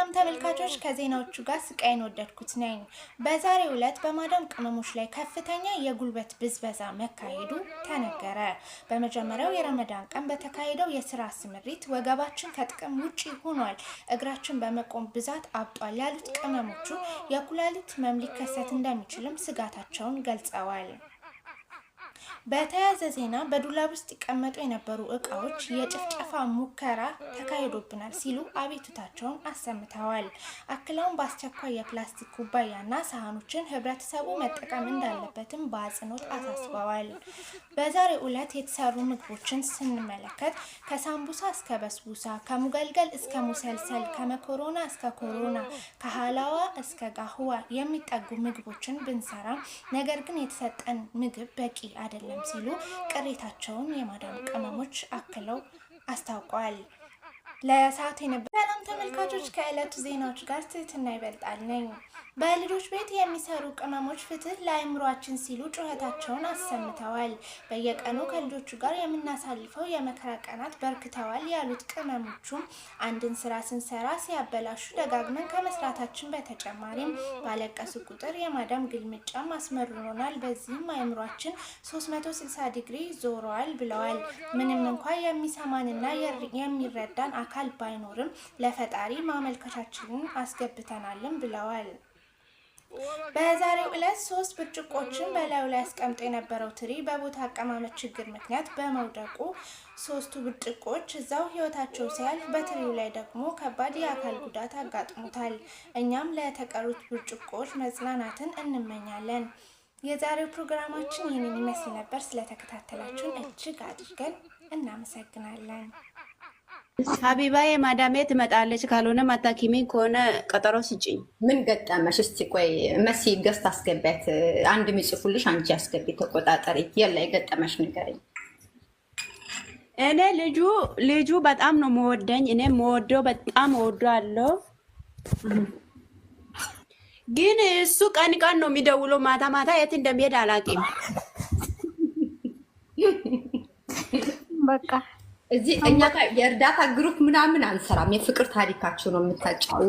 ሰላም ተመልካቾች፣ ከዜናዎቹ ጋር ስቃይን ወደድኩት ነኝ። በዛሬው ዕለት በማዳም ቅመሞች ላይ ከፍተኛ የጉልበት ብዝበዛ መካሄዱ ተነገረ። በመጀመሪያው የረመዳን ቀን በተካሄደው የስራ ስምሪት ወገባችን ከጥቅም ውጪ ሆኗል፣ እግራችን በመቆም ብዛት አብጧል ያሉት ቅመሞቹ የኩላሊት ህመም ሊከሰት እንደሚችልም ስጋታቸውን ገልጸዋል። በተያያዘ ዜና በዱላብ ውስጥ ይቀመጡ የነበሩ እቃዎች የጭፍጨፋ ሙከራ ተካሂዶብናል ሲሉ አቤቱታቸውን አሰምተዋል። አክለውም በአስቸኳይ የፕላስቲክ ኩባያና ሳህኖችን ህብረተሰቡ መጠቀም እንዳለበትም በአጽንኦት አሳስበዋል። በዛሬው ዕለት የተሰሩ ምግቦችን ስንመለከት ከሳምቡሳ እስከ በስቡሳ፣ ከሙገልገል እስከ ሙሰልሰል፣ ከመኮሮና እስከ ኮሮና፣ ከሀላዋ እስከ ጋህዋ የሚጠጉ ምግቦችን ብንሰራ ነገር ግን የተሰጠን ምግብ በቂ አደ አይደለም ሲሉ ቅሬታቸውን የማዳም ቅመሞች አክለው አስታውቋል። ለሰዓት የነበረ ሰላም ተመልካቾች፣ ከዕለቱ ዜናዎች ጋር ትህትና ይበልጣል ነኝ። በልጆች ቤት የሚሰሩ ቅመሞች ፍትህ ለአእምሯችን ሲሉ ጩኸታቸውን አሰምተዋል። በየቀኑ ከልጆቹ ጋር የምናሳልፈው የመከራ ቀናት በርክተዋል ያሉት ቅመሞቹም አንድን ስራ ስንሰራ ሲያበላሹ ደጋግመን ከመስራታችን በተጨማሪም ባለቀሱ ቁጥር የማዳም ግልምጫም አስመርሮናል። በዚህም አእምሯችን 360 ዲግሪ ዞረዋል ብለዋል። ምንም እንኳ የሚሰማንና የሚረዳን አካል ባይኖርም ለፈጣሪ ማመልከቻችንን አስገብተናልም ብለዋል። በዛሬው ዕለት ሶስት ብርጭቆችን በላዩ ላይ አስቀምጦ የነበረው ትሪ በቦታ አቀማመጥ ችግር ምክንያት በመውደቁ ሶስቱ ብርጭቆች እዛው ህይወታቸው ሲያልፍ በትሪው ላይ ደግሞ ከባድ የአካል ጉዳት አጋጥሞታል። እኛም ለተቀሩት ብርጭቆች መጽናናትን እንመኛለን። የዛሬው ፕሮግራማችን ይህንን ይመስል ነበር። ስለተከታተላችሁን እጅግ አድርገን እናመሰግናለን። ሀቢባዬ ማዳሜ ትመጣለች። ካልሆነ ማታኪሚ ከሆነ ቀጠሮ ስጭኝ። ምን ገጠመሽ? እስቲ ቆይ መሲ ገስት አስገቢያት። አንድ የሚጽፉልሽ አንቺ አስገቢ፣ ተቆጣጠሪ። የላ የገጠመሽ ንገሪኝ። እኔ ልጁ ልጁ በጣም ነው መወደኝ። እኔ መወደው በጣም ወዶ አለው። ግን እሱ ቀን ቀን ነው የሚደውለው፣ ማታ ማታ የት እንደሚሄድ አላውቅም። በቃ እዚህ እኛ የእርዳታ ግሩፕ ምናምን አንሰራም። የፍቅር ታሪካቸው ነው የምታጫው